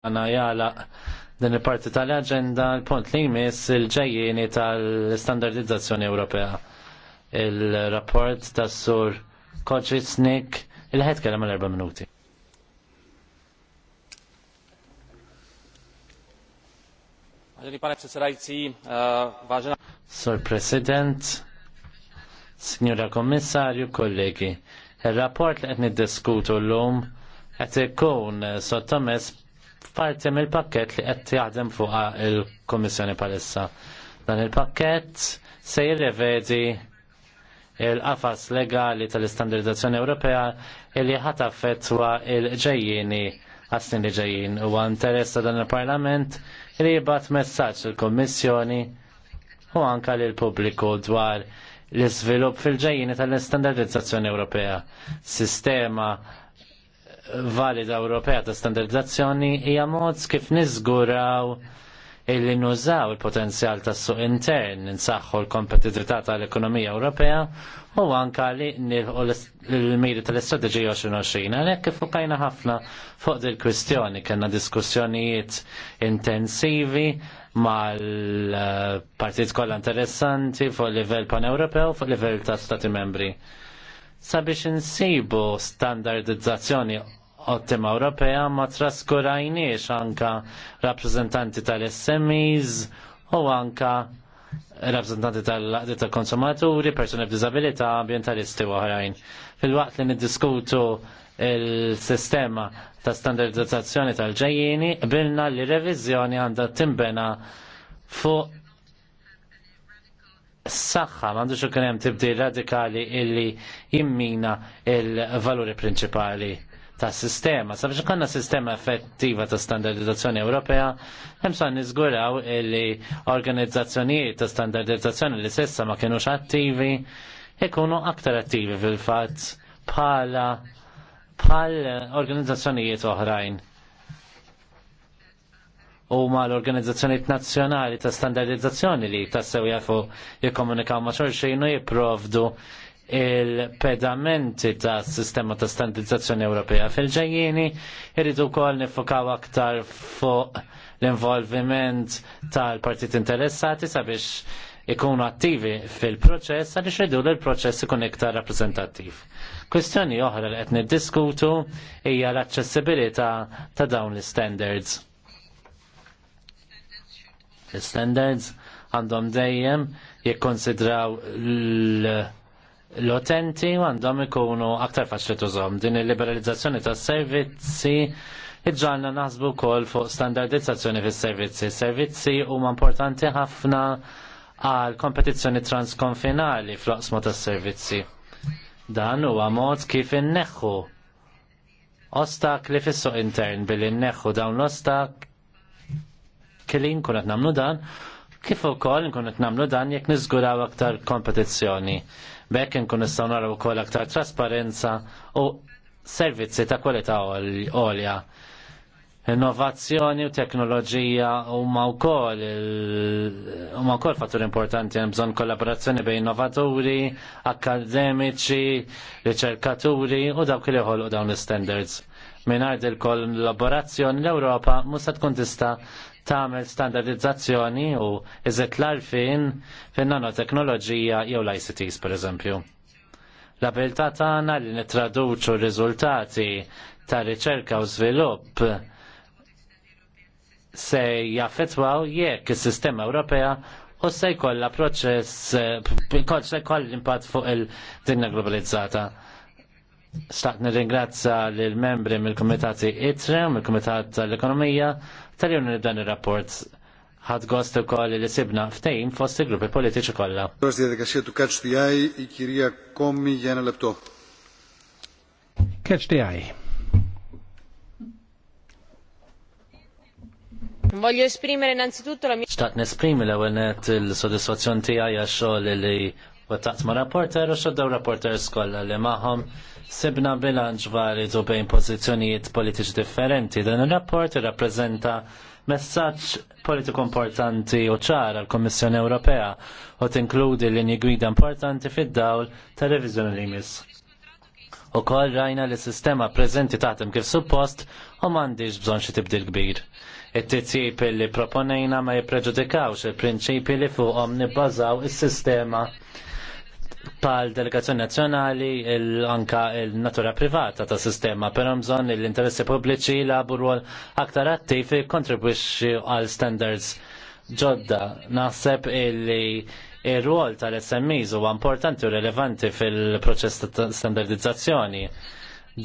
għana jala din il-parti tal-agenda l-punt li jmiss il-ġejjini tal-standardizzazzjoni Ewropea. Il-rapport tas sur Koċisnik il-ħed kellem l-erba minuti. Eh, sur President, Signora Kommissarju, kollegi, il-rapport li għetni diskutu l-lum għet ikun sottomess parti mill-pakket li qed jaħdem fuq il kummissjoni bħalissa. Dan il-pakket se jirrevedi il-qafas legali tal-istandardizzazzjoni Ewropea illi affettwa il-ġejjini għas-snin li ġejjin u interess ta' dan il-Parlament li jibat messaġġ il kummissjoni u anka l pubbliku dwar l-iżvilupp fil-ġejjini tal-istandardizzazzjoni Ewropea. Sistema valida Ewropea ta' standardizzazzjoni hija mod kif niżguraw illi nużaw il-potenzjal tas suq intern, nsaħħu l-kompetitività tal-ekonomija Ewropea u anka li nilħu l-miri tal-istrateġija 2020. Għalhekk kif fukajna ħafna fuq il kwistjoni kellna diskussjonijiet intensivi mal-partit eh, kollha interessanti fuq livell pan-Ewropew fuq livell ta' stati membri sabiex insibu standardizzazzjoni ottima Ewropea ma traskurajniex anka rappreżentanti tal-SMEs u anka rappresentanti tal-laqdi tal-konsumaturi, persuni b'dizabilità, ambientalisti u oħrajn. Fil-waqt li niddiskutu il-sistema ta' standardizzazzjoni tal-ġejjini, bilna li revizjoni għandha timbena fuq s-saxħa, mandux u tibdi radikali illi jimmina il-valuri principali ta' sistema. Sabiex konna sistema effettiva ta' standardizzazzjoni Ewropea, hemm sa' nizguraw illi organizzazzjonijiet ta' standardizzazzjoni li sessa ma kienux attivi ikunu aktar attivi fil-fatt bħala pal organizzazzjonijiet oħrajn u ma l organizzazzjonijiet nazzjonali ta' standardizzazzjoni li ta' jafu jikkomunikaw ma' xorxin u jiprovdu il-pedamenti ta' sistema ta' standardizzazzjoni Ewropea. Fil-ġejjini irridu wkoll nifukaw aktar fuq l-involviment tal-partit interessati sabiex ikunu attivi fil-proċess għaliex rridu li l-proċess ikun iktar rappresentativ. Kwistjoni oħra li qed niddiskutu hija l-aċċessibilità ta' dawn l-standards Standards għandhom dejjem jikkonsidraw l-utenti u għandhom ikunu aktar faċli tużom Din il-liberalizzazzjoni tas-servizzi iġġalna naħsbu kol fuq standardizzazzjoni fis servizzi Servizzi huma importanti ħafna għal kompetizzjoni transkonfinali fl-oqsma tas servizzi Dan huwa mod kif inneħħu ostakli fis-suq intern billi nneħħu dawn l-ostak kelin kun qed nagħmlu dan, kif ukoll nkun qed nagħmlu dan jekk niżguraw aktar kompetizzjoni. b'hekk nkun nistgħu naraw ukoll aktar trasparenza u servizzi ta' kwalità għolja. Innovazzjoni u teknoloġija huma wkoll huma wkoll fattur importanti hemm bżonn kollaborazzjoni bejn innovaturi, akkademiċi, riċerkaturi u dawk li joħolqu dawn l-standards. Mingħajr il-kollaborazzjoni l-Ewropa mhux se tkun tista' tagħmel standardizzazzjoni u iżet l-arfin fin nanoteknoloġija jew l-ICTs pereżempju. L-abilità tagħna li nittraduċu r-riżultati ta' riċerka u żvilupp se jaffetwaw jekk is-sistema Ewropea u se jkollha proċess se jkoll impatt fuq il-dinja globalizzata. Staqt nirringrazza lill membri mill-Kumitati ITRE, mill-Kumitat tal-Ekonomija Tal-jum li dan il-rapport ħad gost u koll li sibna ftejn fost il-gruppi politiċi kolla. kollha. Għos dedikaxija tu kaċ tijaj, ikirija kommi jena lebto. Kaċ tijaj. Voglio esprimere innanzitutto la mia... Stat nesprimi l ewwel il-soddisfazzjon tiegħi għax xogħol li u taqt ma' rapporter u xoddaw rapporter skolla li maħom sibna bilanċ validu bejn pozizjonijiet politiċi differenti. Dan il-rapport rappresenta messaġġ politiku importanti u ċar għal kommissjoni Ewropea u tinkludi linji gwida importanti fid-dawl ta' revizjoni li jmiss. U kol rajna li sistema prezenti taħtem kif suppost u mandiġ bżon xi tibdil kbir it-tizjib li proponejna ma jipreġudikawx il-prinċipi li fuqhom nibbażaw is-sistema pal delegazzjoni nazzjonali anka il-natura privata ta' sistema, però mżon l-interessi pubbliċi labu rwol aktar attiv kontribwixxi għal standards ġodda. Naħseb illi ir-rwol tal-SMEs huwa importanti u rilevanti fil-proċess ta' standardizzazzjoni.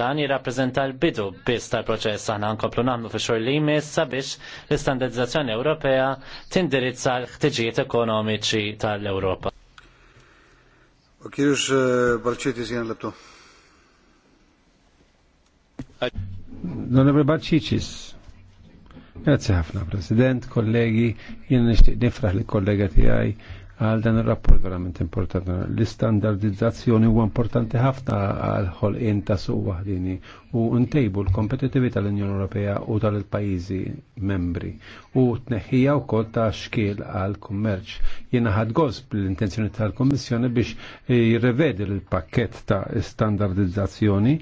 Dan jirrappreżenta l-bidu biss tal-proċess aħna nkomplu nagħmlu fi xogħol li jmiss sabiex l-istandardizzazzjoni Ewropea tindirizza l-ħtiġijiet ekonomiċi tal-Ewropa. Kirux Balċitis jgħan lebtu. Donobre Balċitis. Grazie ħafna, President, kollegi, jien nishtiq nifraħ li kollega tiegħi għal dan ir-rapport verament importanti. L-istandardizzazzjoni huwa importanti ħafna għal ħolqien ta' suq waħdini u ntejbu l-kompetitività tal-Unjoni Ewropea u tal-pajjiżi membri u tneħħija wkoll ta' xkiel għal kummerċ. Jiena ħad gosb l-intenzjoni tal-Kommissjoni biex eh, jirrevedi l-pakkett ta' standardizzazzjoni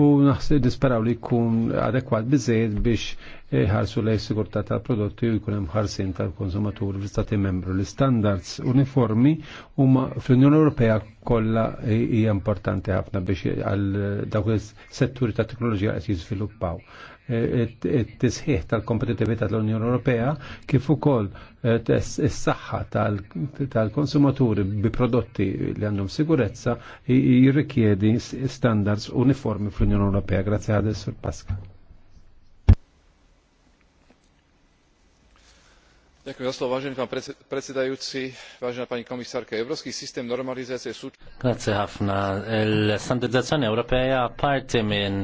u naħseb disperaw li jkun adekwat biżejjed biex eh, ħarsu lej sigurtà tal-prodotti u jkun hemm ħarsin tal-konsumaturi fl-istati membru. l istandards uniformi huma fl-Unjoni Ewropea kollha eh, hija importanti ħafna biex għal dawk is-setturi ta' teknoloġija qed jiżviluppaw. It-tisħiħ e, e, e, tal-kompetitività tal-Unjoni Ewropea kif ukoll is-saħħa tal-konsumaturi bi prodotti li għandhom sigurezza jirrikjedi standards uniformi fl-Unjoni Ewropea. Grazzi għadis sur Pasqua. Grazie ħafna. Il-standardizzazzjoni Ewropea parti minn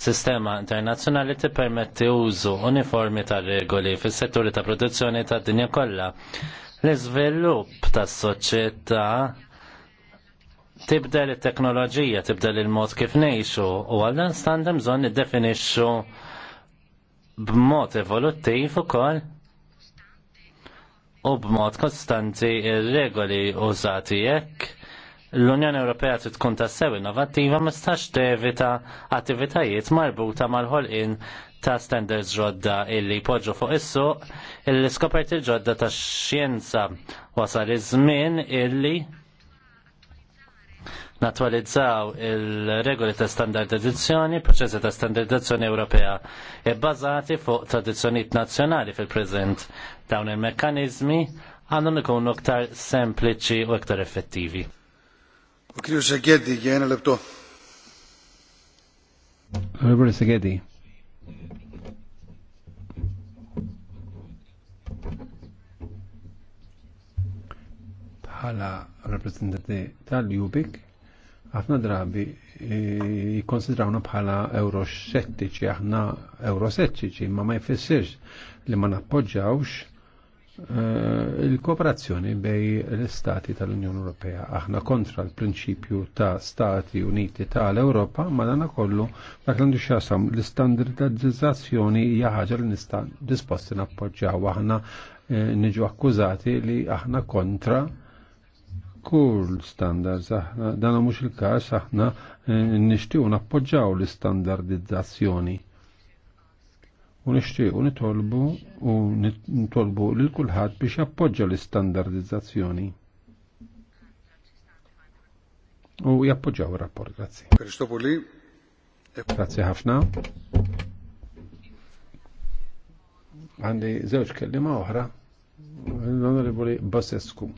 sistema internazzjonali tippermetti użu uniformi ta' regoli fis-setturi ta' produzzjoni ta' dinja kollha. L-iżvilupp tas-soċjetà tibdel it-teknoloġija, tibdel il-mod kif ngħixu u għal dan standard bżonn iddefinixxu b'mod evoluttiv ukoll u b'mod kostanti ir-regoli użati jekk l-Unjoni Ewropea trid tkun tassew innovattiva ma stax tevita attivitajiet marbuta mal-ħolqien ta' standards ġodda illi poġġu fuq is-suq il iskoperti ġodda ta' xjenza wasal iż-żmien illi natwalizzaw il-regoli ta' standardizzazzjoni, proċessi ta' standardizzazzjoni Ewropea e bazati fuq tradizzjonijiet nazzjonali fil-preżent. Dawn il-mekkanizmi għandhom ikunu aktar sempliċi u aktar effettivi. U segedi jena lebto. segedi. rappresentanti tal-Jubik, għafna drabi e, jikonsidrawna bħala euroscettiċi, aħna eurosettiċi, ma ma jfissirx li ma nappoġġawx e, il-kooperazzjoni bej l-Stati tal-Unjoni Ewropea. Aħna kontra l-prinċipju ta' Stati Uniti tal-Europa, ma dana kollu dak l-għandu xasam l-standardizzazzjoni hija ħaġa li nista' disposti nappoġġaw. Aħna e, niġu akkużati li aħna kontra kull standards aħna dan mhux il-każ aħna eh, nixtiequ nappoġġaw l-istandardizzazzjoni. U nixtiequ nitolbu u nitolbu lil kulħadd biex jappoġġa l-istandardizzazzjoni. U jappoġġaw ir-rapport, grazzi. Kristopoli. Grazzi ħafna. Għandi żewġ kelliema oħra l-Onorevoli Basescu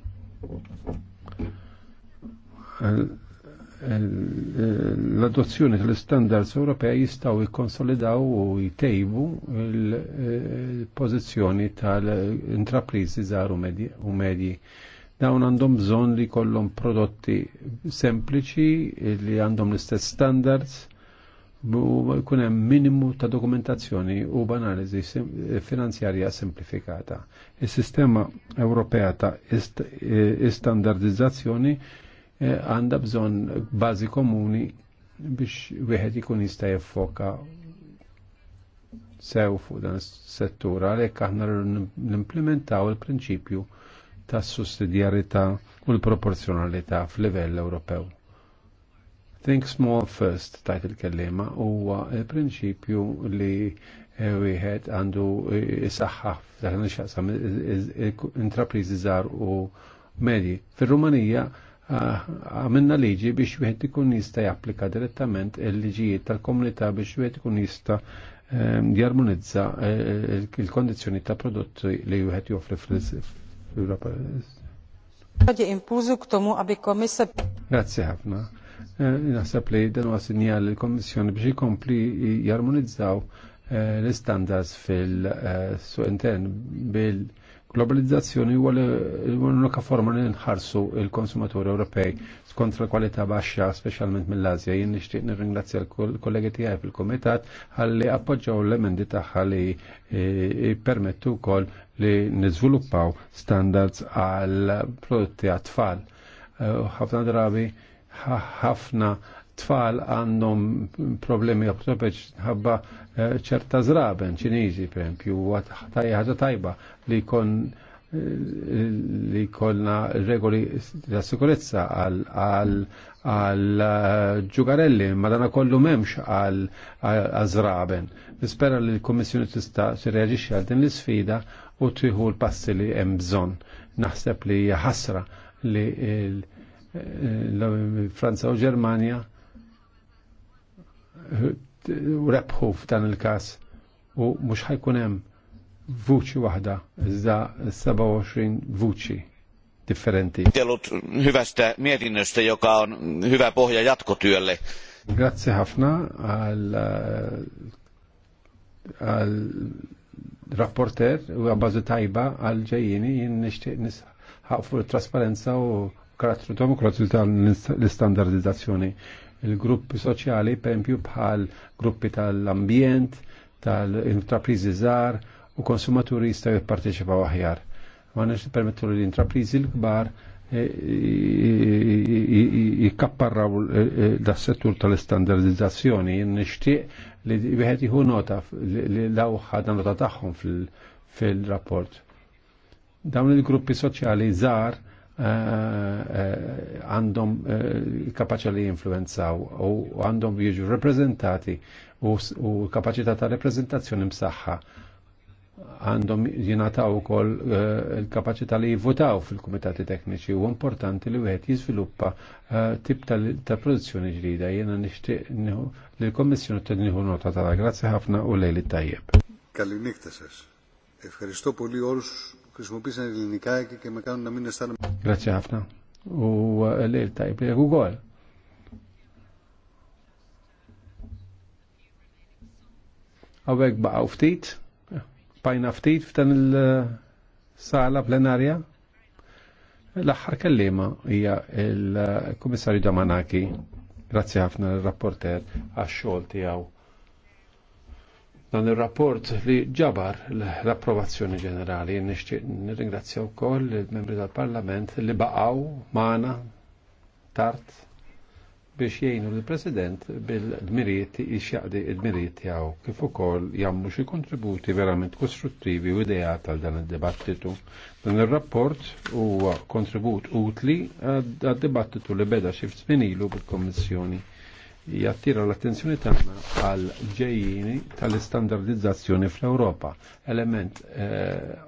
l-adozzjoni tal-standards Ewropej jistaw jikkonsolidaw u jtejbu l-pozizjoni tal-intraprizi żgħar u medji. Dawn għandhom bżonn li kollom prodotti sempliċi li għandhom l-istess standards u kunem minimu ta' dokumentazzjoni u b'analiżi finanzjarja semplifikata. il sistema Ewropea ta' e-, standardizzazzjoni ist Eh, għanda bżon bazi komuni biex wieħed ikun jista' jiffoka sew fuq dan is-settur għalhekk aħna nimplementaw il-prinċipju tas sussidjarità u l-proporzjonalità f'livell Ewropew. Think small first tajt il-kellima huwa il-prinċipju li eh, wieħed għandu eh, isaħħa f'dak nixaqsam intrapriżi żgħar u medji. Fir-Rumanija Ah, għamilna liġi biex wieħed ikun jista' japplika direttament il-liġijiet tal-komunità biex wieħed ikun jista' ehm, jarmonizza eh, il-kondizzjoni ta' prodotti li wieħed joffri fl-Europa. Impulzu k tomu, aby komissa. Grazie ħafna. Eh, naħseb li dan huwa sinjal il-Kommissjoni biex jkompli jarmonizzaw eh, l-standards fil-suq intern bil- globalizzazzjoni huwa l-unika forma li nħarsu il-konsumaturi Ewropej skont l-kwalità baxxa speċjalment mill-Asja. Jien nixtieq nirringrazzja l-kollegi tiegħi fil-kumitat ħalli appoġġaw l-emendi tagħha li e, e, permettu wkoll li niżviluppaw standards għal prodotti għat-tfal. E, ħafna drabi ħafna tfal għandhom problemi għabtopeċ ħabba eh, ċerta zraben ċinizi, per esempio, ħaġa tajba li kon eh, li kolna regoli ta' sikurezza għal eh, ġugarelli, ma dana kollu memx għal zraben. Nispera li l-Kommissjoni tista' reagisċi għal din l-sfida u tieħu l-passi li hemm bżonn. Naħseb li ħasra li Franza u Ġermanja rebħu f'dan il-kas u mux ħajkun hemm vuċi waħda iżda 27 vuċi differenti. Tellut hyvästä mietinnöstä, joka on hyvä pohja jatkotyölle. Grazie ħafna għal għal rapporter u għabazu tajba għal ġejjini jien nishtiq nisħaq fuq trasparenza u karattru demokratiku l istandardizzazzjoni il-gruppi soċjali pempju bħal gruppi tal-ambjent, tal-intraprizi żgħar u konsumaturi jistgħu jipparteċipaw aħjar. Ma nix permettu li l-intraprizi l-kbar jikkapparraw das settur tal-istandardizzazzjoni, nixtieq li wieħed jieħu nota li law dan nota tagħhom fil-rapport. Dawn il-gruppi soċjali żgħar Eh, eh, għandhom eh, kapaċa li jinfluenzaw u għandhom jiġu reprezentati u kapacità ta' reprezentazzjoni msaħħa għandhom jinataw kol il-kapacità li jivvotaw fil-komitati tekniċi u importanti li wieħed jizviluppa tip ta' produzzjoni ġdida jena nixtieq li l-Kommissjoni tinniħu nota tagħha. Grazzi ħafna u lejli tajjeb. Kalli niktasas, Efkaristo poli orx χρησιμοποίησαν ελληνικά και, Grazie ħafna. U l-il tajb li Għawek baqaw ftit, pajna ftit f'dan il-sala plenarja. L-axħar kellima hija il-Kummissarju Damanaki. Grazie ħafna l-rapporter għax-xogħol tiegħu dan il-rapport li ġabar l-approvazzjoni ġenerali. Nirringrazzja koll il-membri tal-Parlament li baqgħu maħna Tart biex jgħinu l-President bil-miriet jixjaqdi id miriet jgħu kif ukoll jagħmlu xi kontributi verament kostruttivi u ideja tal dan id-dibattitu. Dan ir-rapport huwa kontribut utli għad-dibattitu li beda xi ilu bil-Kommissjoni jattira l-attenzjoni tagħna għal ġejjini tal-istandardizzazzjoni fl-Ewropa, element eh,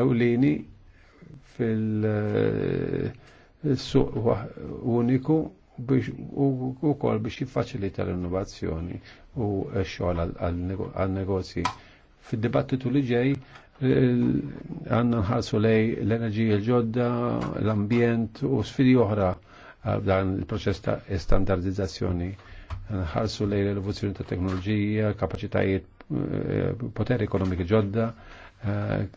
ewlini fil-suq eh, uniku u kol biex jiffaċilita l-innovazzjoni u xogħol għal-negozji. Fid-dibattitu li ġej eh, għandna nħarsu lej l-enerġija l-ġodda, l-ambjent u sfidi oħra dan il-proċess ta' standardizzazzjoni. Nħarsu lejn l-evoluzzjoni ta' teknoloġija, kapacitajiet eh, poteri ekonomiki ġodda, eh,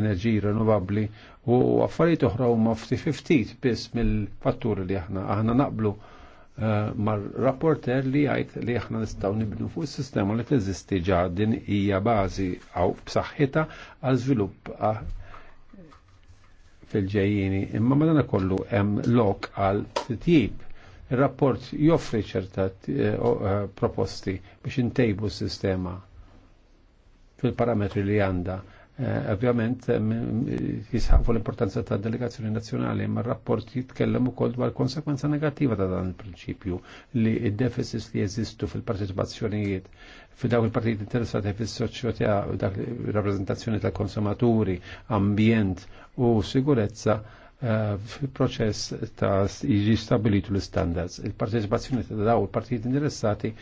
enerġiji rinnovabbli u affarijiet oħra huma ftit biss mill-fatturi li aħna aħna naqblu eh, mar rapporter li għajt li aħna nistgħu nibnu fuq is-sistema li teżisti ġa din hija bażi għaw b'saħħitha għal żvilupp fil-ġejjini, imma madana kollu hemm lok għal titjib. Il-rapport joffri ċerta eh, eh, proposti biex intejbu s-sistema fil-parametri li għanda. Eh, Ovvjament jisħafu mm, mm, l-importanza ta' delegazzjoni nazzjonali, ma' rapport jitkellem ukoll dwar konsekwenza negattiva ta' dan il-prinċipju li id-deficits li jeżistu fil-parteċipazzjonijiet f'dawk il-partijiet interessati fis-soċjetà dak rappreżentazzjoni tal-konsumaturi, ambjent u sigurezza eh, fil-proċess ta' jiġi stabilitu l-standards. Il-parteċipazzjoni ta' daw il-partijiet interessati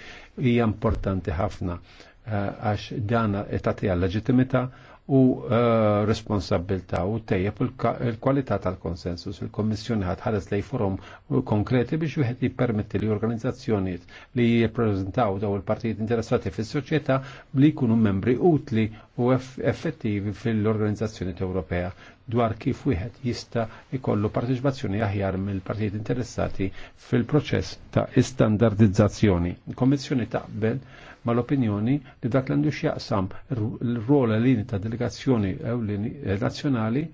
hija importanti ħafna eh, għax dan tagħti għal leġittimità u eh, responsabilta u tejjeb il-kwalità tal-konsensus. Il-Kommissjoni ħadħares lej forum konkreti biex wieħed jippermetti li organizzazzjonijiet li jippreżentaw daw il-partijiet interessati fis-soċjetà li jkunu membri utli u effettivi fil-organizzazzjoni Ewropea dwar kif wieħed jista' ikollu parteċipazzjoni aħjar mill-partijiet interessati fil-proċess ta' istandardizzazzjoni. Il-Kommissjoni taqbel mal-opinjoni li dak l jaqsam l-rol lini ta' delegazzjoni eh, nazzjonali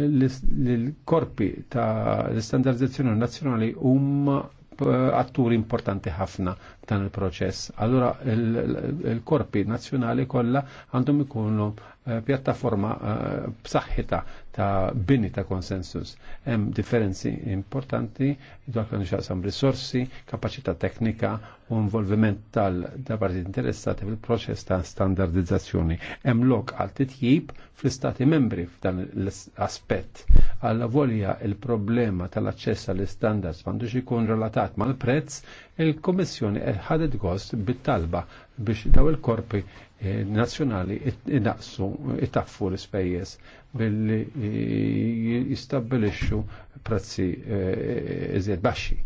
l-korpi ta' l-standardizzazzjoni nazzjonali huma eh, atturi importanti ħafna dan il-proċess. Allora il-korpi nazzjonali kollha għandhom ikunu Eh, pjattaforma eh, b'saħħita ta' bini ta' konsensus. Hemm differenzi importanti dwar kienu xaqsam risorsi, kapaċità teknika u involviment tal-parti interessati fil-proċess ta' standardizzazzjoni. Hemm lok għal titjib fl-istati membri f'dan l-aspett. Alla volja il-problema tal-aċċess għall standards m'għandux ikun relatat mal-prezz il-Kommissjoni ħadet gost bit-talba biex daw il-korpi eh, nazzjonali naqsu itaffu l-ispejjeż billi eh, jistabbilixxu prezzi eh, iżjed baxxi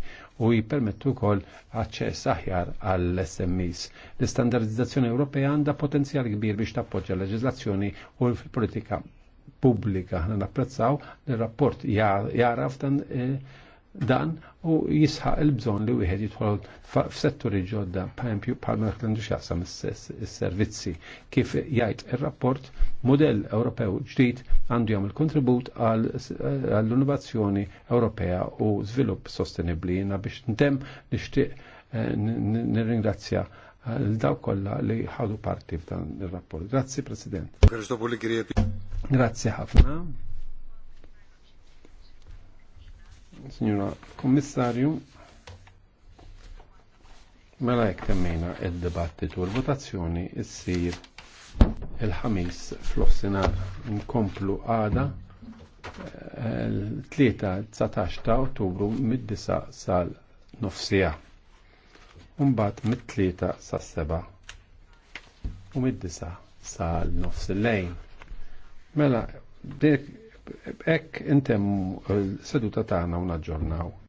u jippermettu kol aċċess aħjar għall-SMEs. L-istandardizzazzjoni Ewropea għandha potenzjal kbir biex tappoġġa l-leġiżlazzjoni u l-politika pubblika. Ħna napprezzaw li rapport jaraf dan eh, dan u jisħaq il-bżon li wieħed jidħol f'setturi ġodda bħempju bħal dak l xjaqsam is-servizzi. Kif jgħid ir-rapport, modell Ewropew ġdid għandu il kontribut għall-innovazzjoni Ewropea u Zvilupp sostenibbli jiena biex ntem nixtieq eh, nirringrazzja l-daw kollha li ħadu parti f'dan ir-rapport. Grazzi President. Grazzi ħafna. Signora Kommissarju, mela jek temmejna id-dibattitu l-votazzjoni issir il-ħamis fl-offsinar nkomplu għada eh, l-3 19 ta' ottubru mid-9 sal-nofsija. Umbat mid-3 sal-7 u mid-9 sal-nofs lejn Mela, dik Ek intem seduta tagħna u naġġornaw.